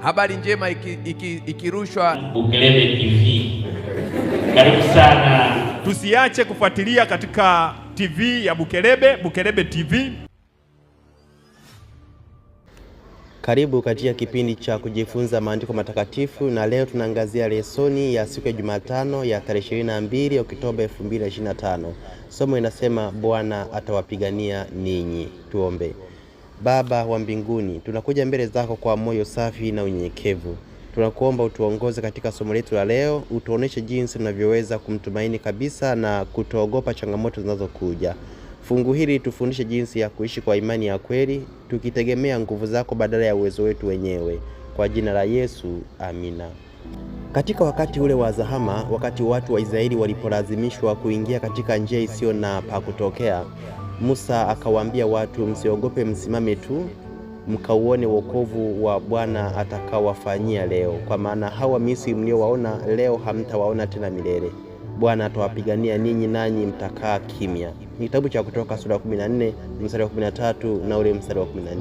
Habari njema ikirushwa iki, iki Bukelebe TV. Karibu sana, tusiache kufuatilia katika TV ya Bukelebe, Bukelebe TV. Karibu katika kipindi cha kujifunza maandiko matakatifu, na leo tunaangazia lesoni ya siku ya Jumatano ya tarehe 22 Oktoba 2025. Somo inasema Bwana atawapigania ninyi. Tuombe. Baba wa mbinguni, tunakuja mbele zako kwa moyo safi na unyenyekevu. Tunakuomba utuongoze katika somo letu la leo, utuoneshe jinsi tunavyoweza kumtumaini kabisa na kutoogopa changamoto zinazokuja. Fungu hili tufundishe jinsi ya kuishi kwa imani ya kweli, tukitegemea nguvu zako badala ya uwezo wetu wenyewe. Kwa jina la Yesu, amina. Katika wakati ule wa zahama, wakati watu wa Israeli walipolazimishwa kuingia katika njia isiyo na pa kutokea, Musa akawaambia watu, msiogope, msimame tu mkauone wokovu wa Bwana atakaowafanyia leo, kwa maana hawa Misri mliowaona leo hamtawaona tena milele. Bwana atawapigania ninyi, nanyi mtakaa kimya. Ni kitabu cha Kutoka sura ya 14 mstari wa 13 na ule mstari wa 14.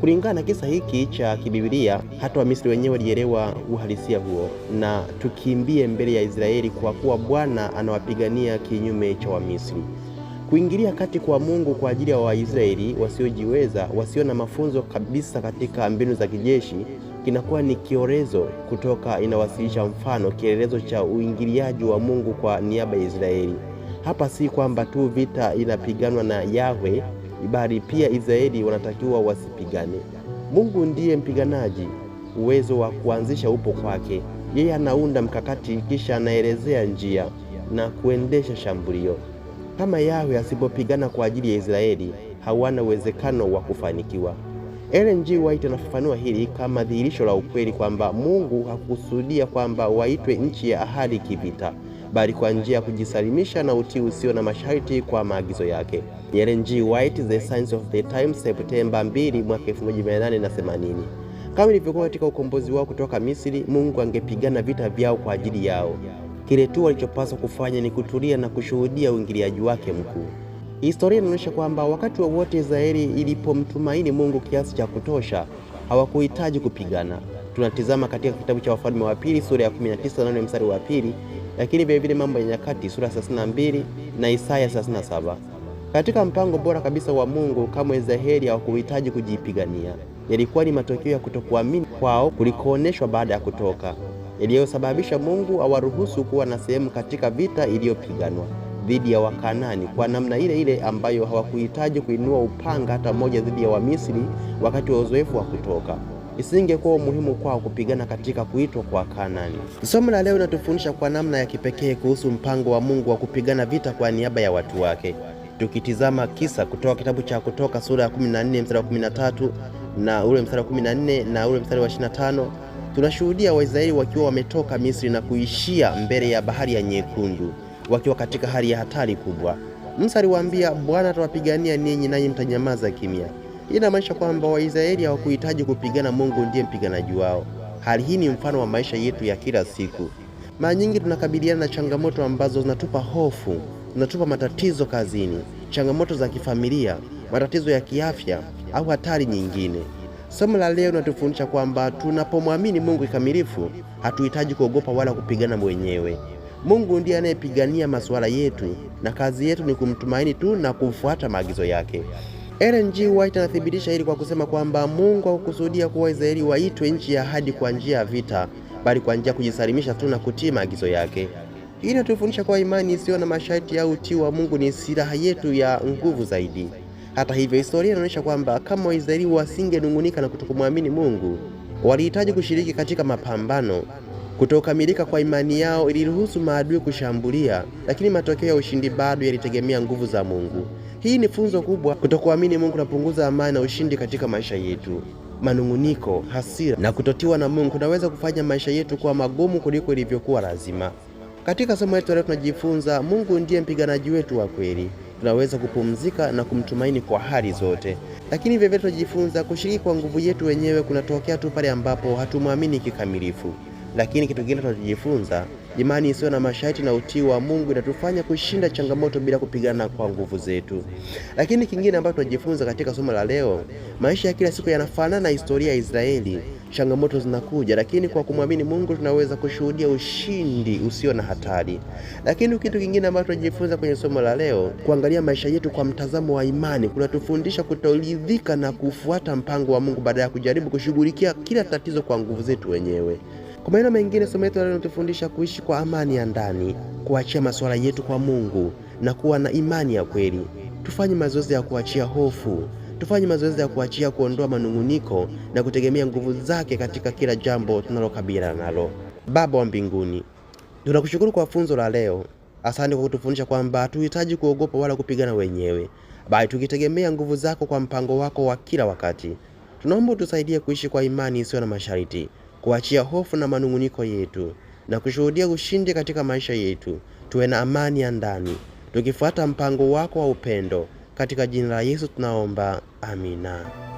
Kulingana na kisa hiki cha kibibilia, hata Misri wenyewe walielewa uhalisia huo, na tukimbie mbele ya Israeli, kwa kuwa Bwana anawapigania kinyume cha Misri. Kuingilia kati kwa Mungu kwa ajili ya Waisraeli wasiojiweza, wasio na mafunzo kabisa katika mbinu za kijeshi kinakuwa ni kiolezo kutoka, inawasilisha mfano, kielelezo cha uingiliaji wa Mungu kwa niaba ya Israeli. Hapa si kwamba tu vita inapiganwa na Yahwe, bali pia Israeli wanatakiwa wasipigane. Mungu ndiye mpiganaji. Uwezo wa kuanzisha upo kwake. Yeye anaunda mkakati, kisha anaelezea njia na kuendesha shambulio. Kama Yahwe asipopigana kwa ajili ya Israeli, hawana uwezekano wa kufanikiwa. Ellen G. White anafafanua hili kama dhihirisho la ukweli kwamba Mungu hakukusudia kwamba waitwe nchi ya ahadi kivita, bali kwa njia ya kujisalimisha na utii usio na masharti kwa maagizo yake. Ellen G. White, The Science of the Times, Septemba 2 mwaka 1880. Kama ilivyokuwa katika ukombozi wao kutoka Misri, Mungu angepigana vita vyao kwa ajili yao. Kile tu walichopaswa kufanya ni kutulia na kushuhudia uingiliaji wake mkuu. Historia inaonyesha kwamba wakati wowote wa Israeli ilipomtumaini Mungu kiasi cha kutosha, hawakuhitaji kupigana. Tunatizama katika kitabu cha Wafalme wa Pili sura ya 19 na ule mstari wa pili, lakini vile Mambo ya Nyakati sura ya 32 na Isaya 37. Katika mpango bora kabisa wa Mungu, kama Israeli hawakuhitaji kujipigania. Yalikuwa ni matokeo ya kutokuamini kwao kulikoonyeshwa baada ya kutoka iliyosababisha Mungu awaruhusu kuwa na sehemu katika vita iliyopiganwa dhidi ya Wakanani kwa namna ile ile ambayo hawakuhitaji kuinua upanga hata mmoja dhidi ya Wamisri wakati wa uzoefu wa kutoka. Isingekuwa umuhimu kwao kupigana katika kuitwa kwa Kanani. Somo la leo linatufundisha kwa namna ya kipekee kuhusu mpango wa Mungu wa kupigana vita kwa niaba ya watu wake. Tukitizama kisa kutoka kitabu cha Kutoka sura ya 14 mstari wa 13 na ule mstari wa 14 na ule mstari wa 25 Tunashuhudia Waisraeli wakiwa wametoka Misri na kuishia mbele ya bahari ya Nyekundu wakiwa katika hali ya hatari kubwa. Musa aliwaambia, Bwana atawapigania ninyi nanyi mtanyamaza kimya. Hii inamaanisha kwamba Waisraeli hawakuhitaji kupigana, Mungu ndiye mpiganaji wao. Hali hii ni mfano wa maisha yetu ya kila siku. Mara nyingi tunakabiliana na changamoto ambazo zinatupa hofu, zinatupa matatizo kazini, changamoto za kifamilia, matatizo ya kiafya au hatari nyingine. Somo la leo linatufundisha kwamba tunapomwamini Mungu kikamilifu, hatuhitaji kuogopa wala kupigana mwenyewe Mungu ndiye anayepigania masuala yetu na kazi yetu ni kumtumaini tu na kufuata maagizo yake. Ellen G. White anathibitisha hili kwa kusema kwamba Mungu hakukusudia kuwa israeli waitwe nchi ya ahadi kwa njia ya vita, bali kwa njia ya kujisalimisha tu na kutii maagizo yake. Hii inatufundisha kuwa imani isiyo na masharti au utii wa Mungu ni silaha yetu ya nguvu zaidi. Hata hivyo, historia inaonyesha kwamba kama Waisraeli wasingenung'unika na kutokumwamini Mungu, walihitaji kushiriki katika mapambano. Kutokamilika kwa imani yao iliruhusu maadui kushambulia, lakini matokeo ya ushindi bado yalitegemea nguvu za Mungu. Hii ni funzo kubwa. Kutokuamini Mungu kunapunguza amani na ushindi katika maisha yetu. Manung'uniko, hasira na kutotiwa na Mungu kunaweza kufanya maisha yetu kuwa magumu kuliko ilivyokuwa lazima. Katika somo letu leo tunajifunza Mungu ndiye mpiganaji wetu wa kweli tunaweza kupumzika na kumtumaini kwa hali zote. Lakini vivyo hivyo tunajifunza kushiriki kwa nguvu yetu wenyewe kunatokea tu pale ambapo hatumwamini kikamilifu. Lakini kitu kingine tunachojifunza, imani isiyo na masharti na utii wa Mungu inatufanya kushinda changamoto bila kupigana kwa nguvu zetu. Lakini kingine ambacho tunajifunza katika somo la leo, maisha ya kila siku yanafanana na historia ya Israeli changamoto zinakuja, lakini kwa kumwamini Mungu tunaweza kushuhudia ushindi usio na hatari. Lakini kitu kingine ambacho tunajifunza kwenye somo la leo, kuangalia maisha yetu kwa mtazamo wa imani kunatufundisha kutoridhika na kufuata mpango wa Mungu badala ya kujaribu kushughulikia kila tatizo kwa nguvu zetu wenyewe. Kwa maneno mengine, somo letu linatufundisha kuishi kwa amani ya ndani, kuachia masuala yetu kwa Mungu na kuwa na imani ya kweli. Tufanye mazoezi ya kuachia hofu Tufanye mazoezi ya kuachia, kuondoa manung'uniko na kutegemea nguvu zake katika kila jambo tunalokabiliana nalo. Baba wa mbinguni, tunakushukuru kwa funzo la leo. Asante kwa kutufundisha kwamba hatuhitaji kuogopa wala kupigana wenyewe, bali tukitegemea nguvu zako kwa mpango wako wa kila wakati. Tunaomba utusaidie kuishi kwa imani isiyo na masharti, kuachia hofu na manung'uniko yetu na kushuhudia ushindi katika maisha yetu. Tuwe na amani ya ndani, tukifuata mpango wako wa upendo katika jina la Yesu tunaomba, amina.